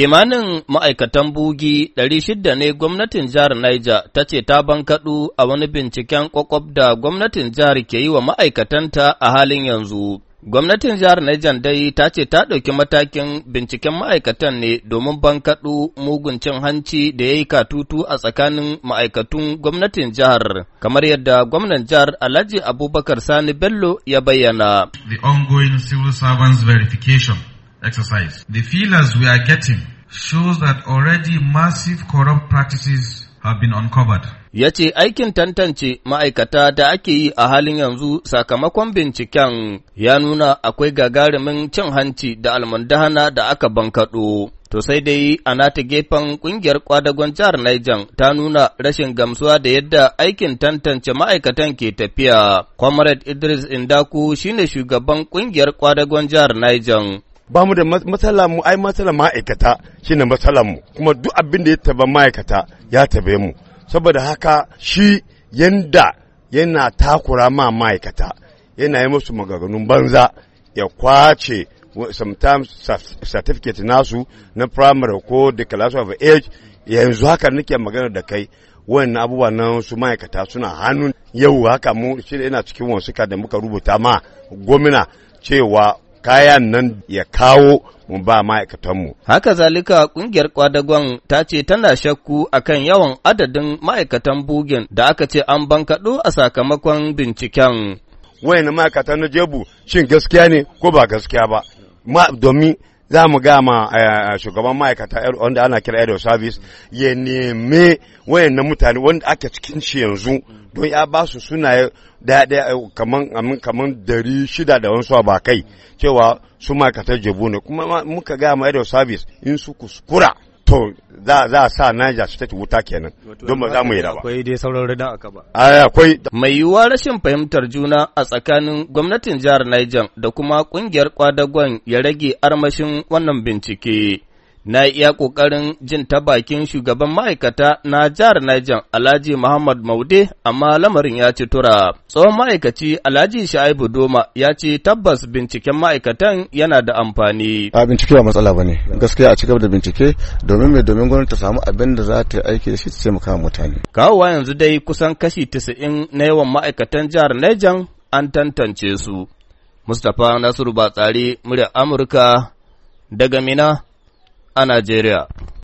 Kimanin ma'aikatan bugi ɗari shida ne gwamnatin jihar Niger ta ce ta bankaɗu a wani binciken ƙwaƙwaf da gwamnatin jihar ke yi wa ma'aikatanta a halin yanzu. Gwamnatin jihar Niger dai ta ce ta ɗauki matakin binciken ma'aikatan ne domin bankaɗu mugun cin hanci da ya yi katutu a tsakanin ma'aikatun gwamnatin jihar, kamar yadda gwamnan jihar Alhaji Abubakar Sani Bello ya bayyana. The ongoing civil servants verification exercise. The feelers we are getting shows that already massive corrupt practices have been uncovered. Ya ce aikin tantance ma'aikata da ake yi a halin yanzu sakamakon binciken ya nuna akwai gagarumin cin hanci da almundahana da aka bankaɗo. To sai dai a nata gefen ƙungiyar kwadagon jihar Niger ta nuna rashin gamsuwa da yadda aikin tantance ma'aikatan ke tafiya. Comrade Idris Indaku shine shugaban ƙungiyar kwadagon jihar Niger. ba mu da matsala mu ai matsala ma'aikata shine matsalan mu kuma duk abin da ya taba ma'aikata ya tabe mu saboda haka shi yanda yana takura ma ma'aikata yana yi musu maganganun banza ya kwace sometimes certificate nasu na primary ko class of age yanzu haka nake magana da kai wani abubuwa nan su ma'aikata suna hannun yau haka mu shi yana cikin wasu da muka rubuta ma gwamna cewa kayan nan ya kawo mu ba ma'aikatanmu. Haka zalika ƙungiyar kwadagon ta ce tana shakku akan yawan adadin ma'aikatan bugin da aka ce an bankaɗo a sakamakon binciken. Wayan ma'aikatan na jebu shin gaskiya ne ko ba gaskiya ba? Ma domin za mu ga ma eh, eh, shugaban ma'aikata eh, wanda ana kira aero service ya neme na mutane wanda ake cikin shi yanzu don ya ba su sunaye daya daya dari shida da wansu ba kai cewa su ma'aikatar jebu ne kuma muka ga ma aero service in su kuskura to za a sa Niger State wuta kenan don ba za mu yi ba. Akwai dai sauran rida aka ba. Akwai. Mai yiwuwa rashin fahimtar juna a tsakanin gwamnatin jihar Niger da kuma kungiyar kwadagon ya rage armashin wannan bincike. na iya ƙoƙarin jin ta bakin shugaban ma'aikata na jihar Niger Alhaji Muhammad Maude, amma lamarin ya ci tura. Tsohon ma'aikaci Alhaji Sha'ibu Doma ya ce tabbas binciken ma'aikatan yana da amfani. A bincike ba matsala ba ne, gaskiya a cigaba da bincike domin mai domin gwamnati ta samu abin da za ta yi aiki da shi ta taimaka mutane. Kawowa yanzu dai kusan kashi tisa'in na yawan ma'aikatan jihar Niger an tantance su. Mustapha Nasiru Batsari, murya Amurka, daga Mina. a Najeriya.